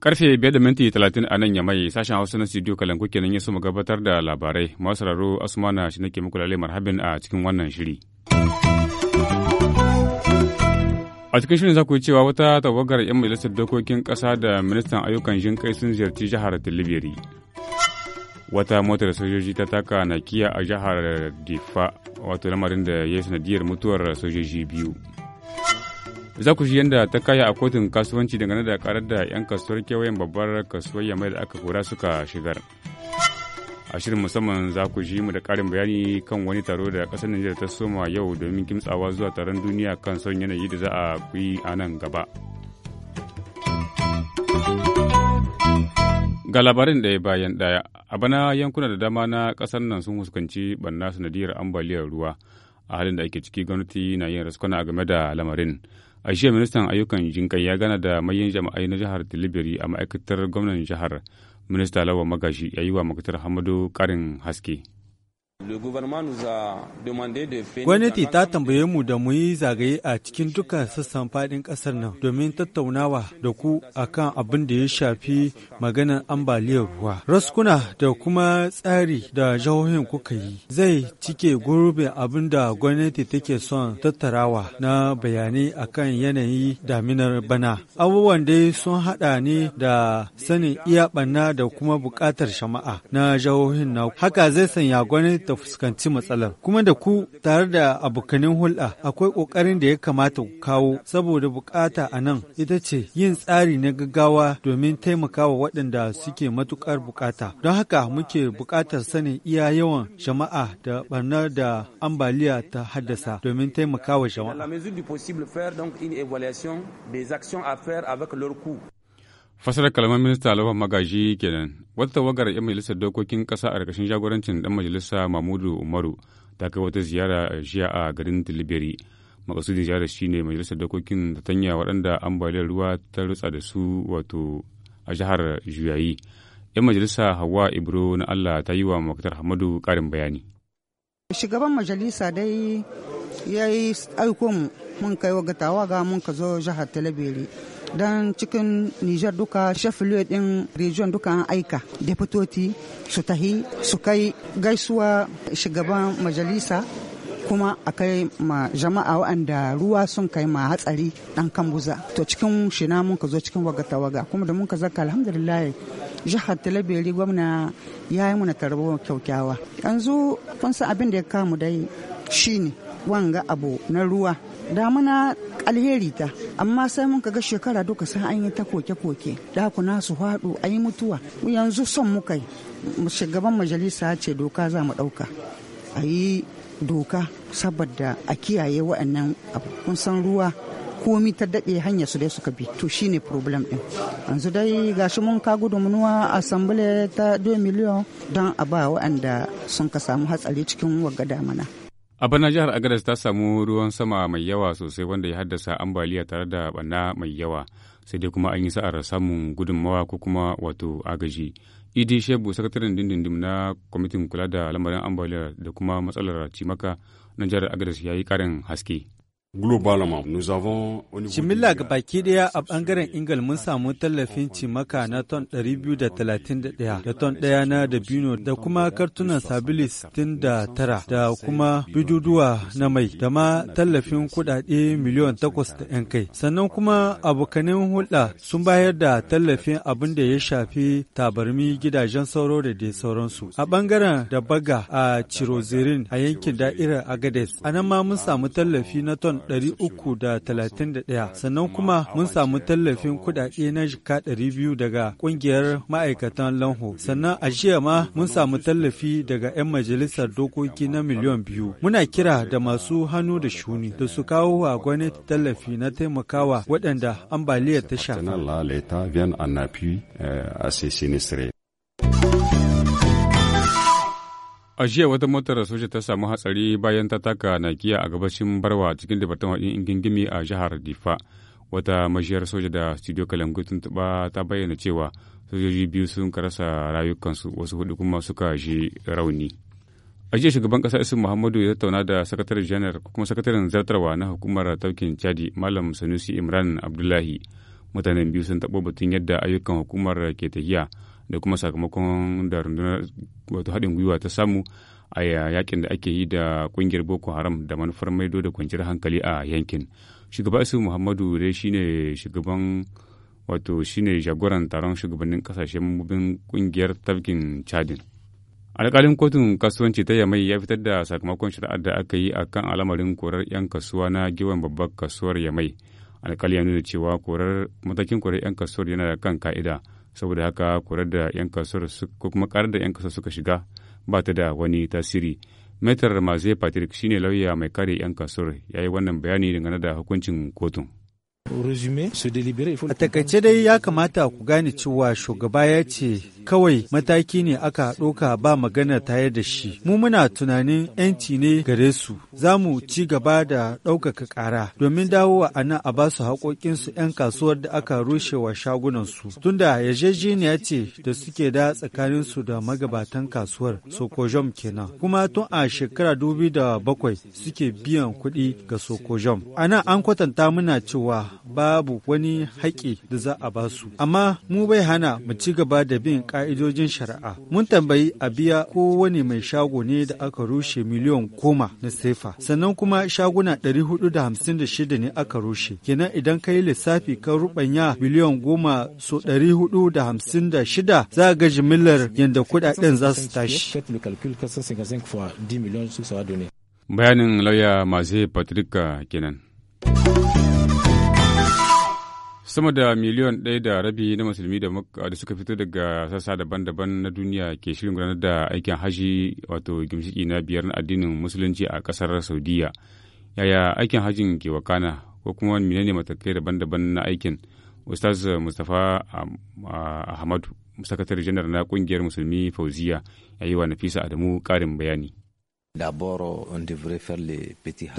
Karfe biyar da minti talatin a nan ya yamai sashen Hausa na studio Kalangu kenan ya suma gabatar da labarai. Masu raro Asmana shi nake muku lalai marhabin a cikin wannan shiri. a cikin shirin za ku yi cewa wata tawagar 'yan majalisar dokokin ƙasa da ministan ayyukan kai sun ziyarci jihar Tilibiri. wata motar sojoji ta taka nakiya a jihar difa wato lamarin da ya yi sanadiyar mutuwar sojoji biyu za ku shi yadda ta kaya a kotun kasuwanci dangane da karar da 'yan kasuwar kewayen babbar kasuwar yamai da aka kura suka shigar a shirin musamman za ku shi mu da karin bayani kan wani taro da kasar nijar ta soma yau domin kimtsawa zuwa taron duniya kan son yanayi da za a yi a nan gaba. Ga labarin ɗaya bayan ɗaya, a bana yankuna da dama na ƙasar nan sun fuskanci ɓanna sanadiyar ambaliyar ruwa a halin da ake ciki gwamnati na yin raskwana game da lamarin. A jiya ministan ayyukan jinkai ya gana da mayan jama'ai na jihar Tilibiri a ma'aikatar gwamnan jihar. Minista lawa Magashi ya yi wa makatar Hamadu ƙarin haske. Gwamnati ta tambaye mu da mu yi zagaye a cikin duka sassan fadin kasar nan domin tattaunawa da ku akan abin da ya shafi maganar ambaliyar ruwa. Raskuna da kuma tsari da jihohin kuka yi zai cike gurbin abin da gwamnati take son tattarawa na bayanai akan yanayi daminar bana. Abubuwan dai sun haɗa ne da sanin iya da kuma buƙatar shama'a na jihohin na haka zai sanya gwamnati ta fuskanci matsalar. Kuma da ku tare da abokanin hulɗa akwai ƙoƙarin da ya kamata ku kawo saboda buƙata a nan ita ce yin tsari na gaggawa domin taimakawa waɗanda suke matuƙar buƙata. Don haka muke buƙatar sanin iya yawan jama'a da barna da ambaliya ta haddasa domin taimakawa jama'a. Fasarar kalmar minista Alhafan Magaji kenan. Wata tawagar 'yan majalisar dokokin ƙasa a ƙarƙashin jagorancin ɗan majalisa Mahmudu Umaru ta kai wata ziyara jiya a garin Tilibiri. Makasudin ziyarar ne majalisar dokokin ta tanya waɗanda ambaliyar ruwa ta rutsa da su wato a jihar Juyayi. 'Yan majalisa Hawa Ibro na Allah ta yi wa Muktar Hamadu ƙarin bayani. Shugaban majalisa dai ya yi aiko mun kai wa gatawa ga mun ka zo jihar talibiri Dan cikin Nijar duka shafilu din region duka an aika deputoti su tahi su kai gaisuwa shugaban majalisa kuma a kai ma jama'a waɗanda ruwa sun kai ma hatsari dan kambuza to cikin shina mun ka zo cikin wagata waga kuma da mun ka zaka alhamdulillah jihar talabiri gwamna ya yi muna tarbo kyaukyawa yanzu kun san abin da ya kamu dai shine wanga abu na ruwa damuna alheri ta amma sai mun ga shekara duka sai an yi ta koke-koke dakuna su haɗu a yi mutuwa yanzu son muka yi shugaban majalisa ce doka za mu ɗauka a yi doka saboda a kiyaye waɗannan kun san ruwa komi ta daɗe hanyar su dai suka bi to shi ne problem ɗin yanzu dai gashi mun ka a asambile ta 2 miliyan don a ba waɗanda sun ka samu hatsari cikin wagga damana A bana jihar Agadez ta samu ruwan sama mai yawa sosai wanda ya haddasa ambaliya tare da bana mai yawa sai dai kuma an yi sa'ar samun gudunmawa ko kuma wato agaji. Idi Shebu sakataren dindindim na kwamitin kula da lamarin ambaliya da kuma matsalar cimaka na jihar Agadez ya yi karin haske. Jimilla ga baki daya a bangaren Ingal mun samu tallafin cimaka na ton 231 da ton daya na dabino da kuma kartunan sabili 69 da kuma biduduwa na mai da ma tallafin kudade miliyan 8 da 'yan kai. Sannan kuma abokanin hulɗa sun bayar da tallafin abin da ya shafi tabarmi gidajen sauro da dai sauransu. A bangaren da baga a Chirozirin a yankin da'irar Agades, a nan ma mun samu tallafi na ton 331 sannan kuma mun samu tallafin kudade na jika 200 daga ƙungiyar ma'aikatan lanho sannan a jiya ma mun samu tallafi daga 'yan majalisar dokoki na miliyan biyu muna kira da masu hannu da shuni da su kawo wa gwamnati tallafi na taimakawa waɗanda ambaliyar ta shafa A jiya wata motar soja ta samu hatsari bayan ta taka nakiya a gabashin Barwa cikin Departement haɗin ingingimi a jihar Difa. Wata majiyar soja da Studio Kalangu tun ta bayyana cewa sojoji biyu sun karasa rayukansu wasu hudu kuma suka ji rauni. A jiya shugaban ƙasa Isu Muhammadu ya tattauna da sakataren janar kuma sakataren zartarwa na hukumar taukin Chadi Malam Sanusi Imran Abdullahi. Mutanen biyu sun taɓo batun yadda ayyukan hukumar ke tahiya da kuma sakamakon da rundunar wato haɗin gwiwa ta samu a yakin da ake yi da ƙungiyar boko haram da manufar maido da kwanciyar hankali a yankin shugaba isu muhammadu dai shine shugaban wato shine jagoran taron shugabannin kasashen mabin ƙungiyar tafkin chadin alkalin kotun kasuwanci ta yamai ya fitar da sakamakon shari'ar da aka yi a kan alamarin korar 'yan kasuwa na giwan babbar kasuwar yamai alƙali ya nuna cewa korar matakin korar 'yan kasuwar yana da kan ka'ida saboda haka kurar da 'yan kasuwar ko kuma karar da 'yan kasuwar suka shiga ba ta da wani tasiri metar maze patrick shine lauya mai kare 'yan kasuwar ya yi wannan bayani dangane da hukuncin kotun A takaice dai ya kamata ku gane cewa shugaba ya ce kawai mataki ne aka ɗauka ba magana tare da shi. Mu muna tunanin 'yanci ne gare su, za mu ci gaba da ɗaukaka ƙara domin dawo a nan a basu haƙoƙinsu 'yan kasuwar da aka rushe wa shagunansu. Tunda yarjejeniya ce da suke da tsakaninsu da magabatan kasuwar Sokojom kenan. Kuma tun a shekara dubi da bakwai suke biyan kuɗi ga Sokojom. A an kwatanta muna cewa babu wani haƙƙi da za a ba su. Amma mu bai hana mu ci gaba da bin ƙa'idojin shari'a. Mun tambayi a biya kowane mai shago ne da aka rushe miliyan goma na sefa. Sannan kuma shaguna 456 ne aka rushe. Kenan idan ka yi lissafi ka rubanya miliyan goma so 456 za a ga jimillar yadda kuɗaɗen za su tashi. Bayanin lauya Maze Patrika kenan. sama da miliyon ɗaya da rabi na musulmi da suka fito daga sassa daban-daban na duniya ke shirin gudanar da aikin haji wato gimshiki na biyar na addinin musulunci a ƙasar saudiya yaya aikin hajin ke wakana ko kuma menene matakai daban-daban na aikin ustaz mustapha ahmadu sakatare janar na ƙungiyar musulmi fauziya ya yi wa nafisa adamu ƙarin bayani Da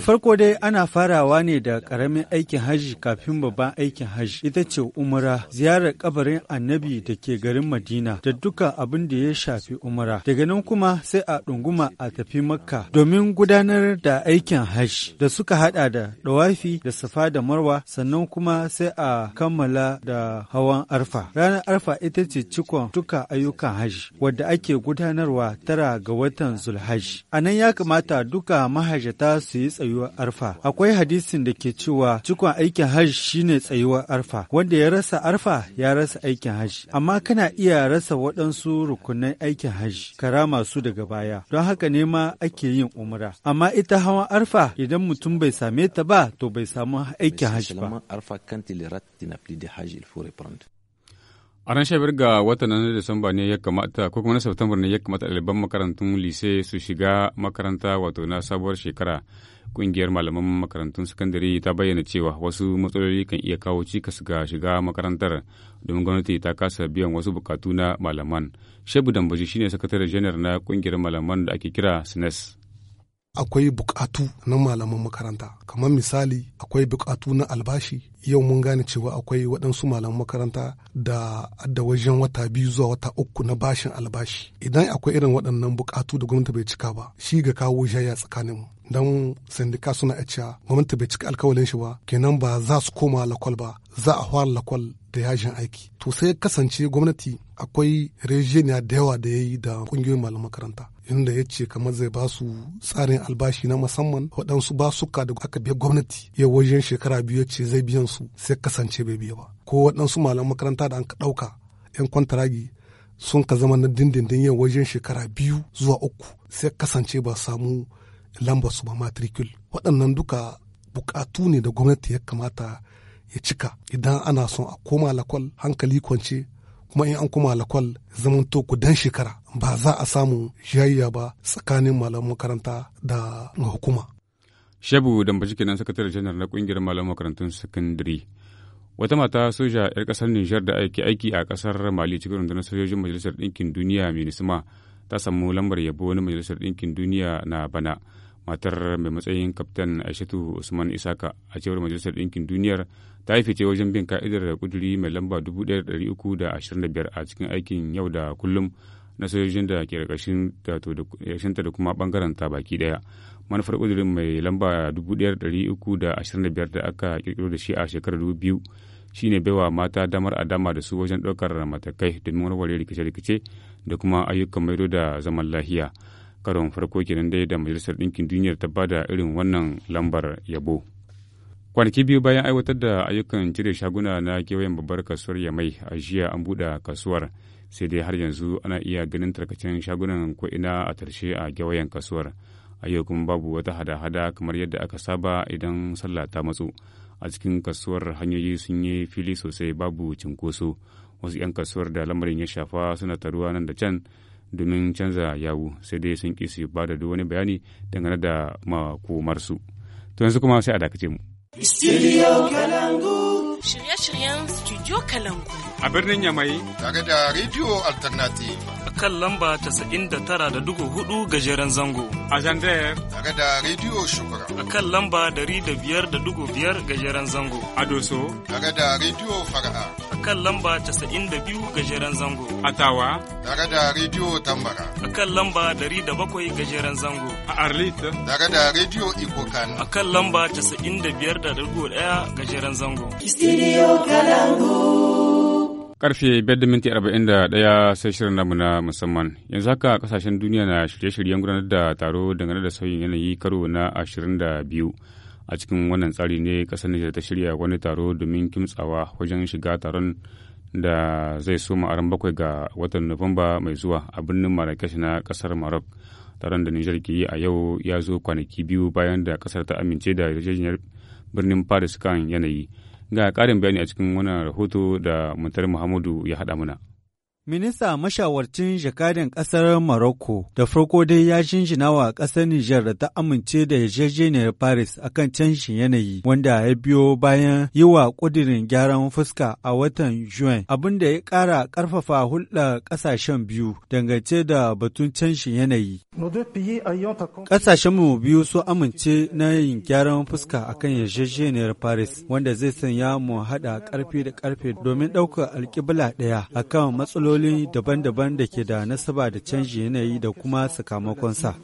farko dai ana farawa ne da ƙaramin aikin hajji kafin babban aikin hajji ita ce umara ziyarar kabarin annabi da ke garin Madina da duka abin da ya shafi umara. Daga nan kuma sai a ɗunguma a tafi Makka domin gudanar da aikin hajji da suka hada da ɗawafi da safa da marwa sannan kuma sai a kammala da hawan arfa. Ranar arfa ita ce cikon duka ayyukan hajji wadda ake gudanarwa tara ga watan Zulhaji. A Kenan ya kamata duka mahajjata su yi tsayuwar arfa. Akwai hadisin da ke cewa cikon aikin hajj shine tsayuwar arfa. Wanda ya rasa arfa ya rasa aikin hajj. Amma kana iya rasa waɗansu rukunan aikin hajj karama su daga baya. Don haka ne ma ake yin umra. Amma ita hawan arfa idan mutum bai same ta ba to bai samu aikin hajj ba. A ran shabiyar ga watan na Disamba ne ya kamata ko kuma na September ne ya kamata ɗaliban makarantun lise su shiga makaranta wato na sabuwar shekara. Ƙungiyar malaman makarantun sakandare ta bayyana cewa wasu matsaloli kan iya kawo cikas ga shiga makarantar domin gwamnati ta kasa biyan wasu bukatu na malaman. Shebu Dambaji shine sakataren janar na kungiyar malaman da ake kira SNES. akwai bukatu na malaman makaranta kamar misali akwai bukatu na albashi yau mun gane cewa akwai waɗansu malaman makaranta da da wajen wata biyu zuwa wata uku na bashin albashi idan akwai irin waɗannan bukatu da gwamnati bai cika ba shi ga kawo jaya mu don sindika suna a gwamnati bai cika alkawalin shi ba kenan ba za su koma lakwal ba za a fara lakwal da yajin aiki to sai kasance gwamnati akwai rejeniya da yawa da ya yi da kungiyoyin malaman makaranta inda ya ce kamar zai ba su tsarin albashi na musamman waɗansu ba basuka da aka biya gwamnati ya wajen shekara biyu ya ce zai biyan su sai kasance bai biya ba ko waɗansu malaman makaranta da an ka ɗauka 'yan kwantaragi sun ka zama na dindindin yau wajen shekara biyu zuwa uku sai kasance ba samu lambar su ba matricule waɗannan duka bukatu ne da gwamnati ya kamata ya cika idan ana son a koma lakwal hankali kwance kuma in an koma lakwal zamanto dan shekara ba za a samu jayayya ba tsakanin malaman makaranta da hukuma. Shebu Dambaji kenan sakataren janar na kungiyar malaman makarantun sakandare. Wata mata soja 'yar kasar Nijar da aiki aiki a kasar Mali cikin rundunar sojojin Majalisar Ɗinkin Duniya Minisma ta samu lambar yabo na Majalisar Ɗinkin Duniya na bana. matar mai matsayin kaftan aishatu usman isaka a cewar majalisar ɗinkin duniyar ta yi fice wajen bin ka'idar kuduri mai lamba 1325 a cikin aikin yau da kullum na sojojin da ke ta da kuma ɓangaren ta baki ɗaya manufar kudurin mai lamba 1325 da aka ƙirƙiro da shi a shekarar 2000 shine baiwa mata damar a dama da su wajen ɗaukar matakai domin warware rikice-rikice da kuma ayyukan maido da zaman lahiya karon farko kenan dai da majalisar ɗinkin duniyar ta bada irin wannan lambar yabo kwanaki biyu bayan aiwatar da ayyukan cire shaguna na kewayen babbar kasuwar yamai a jiya an buɗe kasuwar sai dai har yanzu ana iya ganin tarkacen shagunan ko'ina a tarshe a kewayen kasuwar a yau kuma babu wata hada-hada kamar yadda aka saba idan sallah ta matsu a cikin kasuwar hanyoyi sun yi fili sosai babu cinkoso wasu 'yan kasuwar da lamarin ya shafa suna taruwa nan da can domin canza yawu sai dai sun ƙi su ba da duk wani bayani dangane da makomarsu to yanzu kuma sai a dakace mu Studio Kalangu. Shirye-shiryen Studio Kalangu. A birnin Yamai. Tare da Radio Alternative. A kan lamba tara da dugu hudu gajeren zango. A Zandayar. Tare da Radio Shukura. A kan lamba dari da da biyar dugu biyar gajeren zango. A Doso. Tare da Radio Fara'a. a kan lamba 92 gajeren zango. a tawa. Daga da Radio Tambara. A kan lamba 107 gajeren zango. A Arlita. Daga da Radio Ikokan. A kan lamba 95.1 gajeren zango. Studio Kalangu. Karfe 5.41 sai shirin namu na musamman. Yanzu haka kasashen duniya na shirye-shiryen gudanar da taro dangane da sauyin yanayi karo na 22. a cikin wannan tsari ne kasar nijar ta shirya wani taro domin kimtsawa wajen shiga taron da zai so ma'aran bakwai ga watan nuwamba mai zuwa a birnin marrakesh na kasar maroc taron da nijar ke yi a yau ya zo kwanaki biyu bayan da kasar ta amince da yarjejeniyar birnin paris kan yanayi ga ƙarin bayani a cikin wannan rahoto da mutar muhammadu ya haɗa mana Minista mashawarcin jakadan ƙasar Morocco da farko dai ya jinjina wa ƙasar Nijar da ta amince da yarjejeniyar Paris akan canjin yanayi wanda ya biyo bayan yi wa ƙudirin gyaran fuska a watan Juin abin da ya ƙara ƙarfafa hulɗar ƙasashen biyu dangance da batun canjin yanayi. mu biyu su amince na yin gyaran fuska a kan yarjejeniyar Paris wanda zai sanya mu haɗa ƙarfi da karfe domin ɗaukar alkibla ɗaya a kan matsaloli daban-daban da ke da nasaba da canji yanayi da kuma sakamakonsa.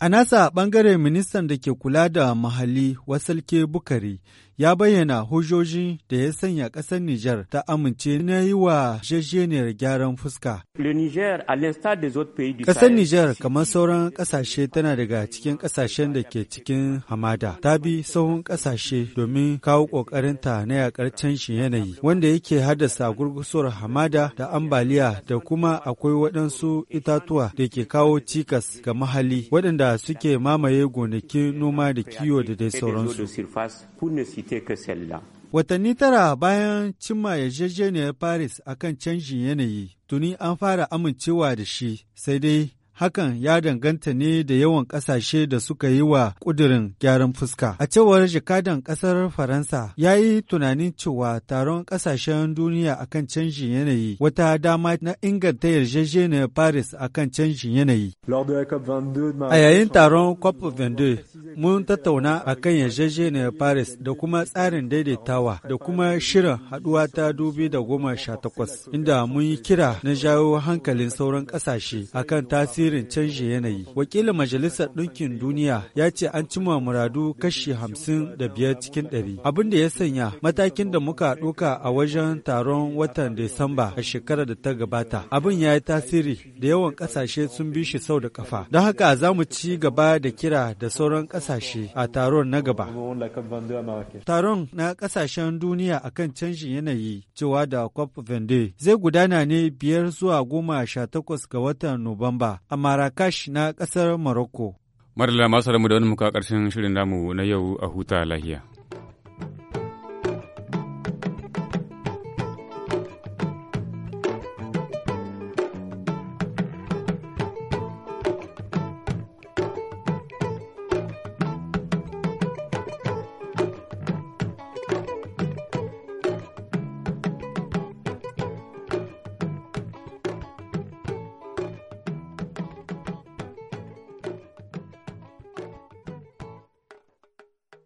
A nasa ɓangare ministan da ke kula da mahalli Wasalke Bukari ya bayyana hujjoji da ya sanya ƙasar Nijar ta amince na yi wa jejeniyar gyaran fuska. Ƙasar Nijar kamar sauran ƙasashe tana daga cikin ƙasashen da ke cikin hamada. Ta bi sauran ƙasashe domin kawo ƙoƙarinta na yaƙar canshi yanayi wanda yake haddasa gurgusuwar hamada da ambaliya da kuma akwai waɗansu itatuwa da ke kawo cikas ga mahalli waɗanda suke mamaye gonakin noma da kiwo da dai sauransu. Watanni tara bayan cimma yarjejeniyar Paris akan canjin yanayi, tuni an fara amincewa da shi, sai dai hakan ya danganta ne da yawan ƙasashe da suka yi wa ƙudirin gyaran fuska. A cewar jakadan ƙasar Faransa ya yi tunanin cewa taron kasashen duniya akan canjin yanayi wata dama na inganta yarjejeniyar Paris akan canjin yanayi. A yayin taron COP22 mun tattauna akan yarjejeniyar Paris da kuma tsarin daidaitawa da kuma shirin haɗuwa ta dubi da goma sha takwas, inda mun yi kira na jawo hankalin sauran ƙasashe akan tasiri tasirin canjin yanayi. Wakilin Majalisar Ɗinkin Duniya ya ce an cimma muradu kashi hamsin da biyar cikin ɗari. Abin da ya sanya matakin da muka ɗauka a wajen taron watan Disamba a shekarar da ta gabata. Abin ya yi tasiri da yawan ƙasashe sun bi shi sau da ƙafa. Don haka za mu ci gaba da kira da sauran ƙasashe a taron na gaba. Taron na ƙasashen duniya akan canjin yanayi cewa da COP zai gudana ne biyar zuwa goma sha takwas ga watan Nuwamba. a a Marrakesh na ƙasar Morocco. Madalla masu da wani muka ƙarshen shirin namu na yau a huta lahiya.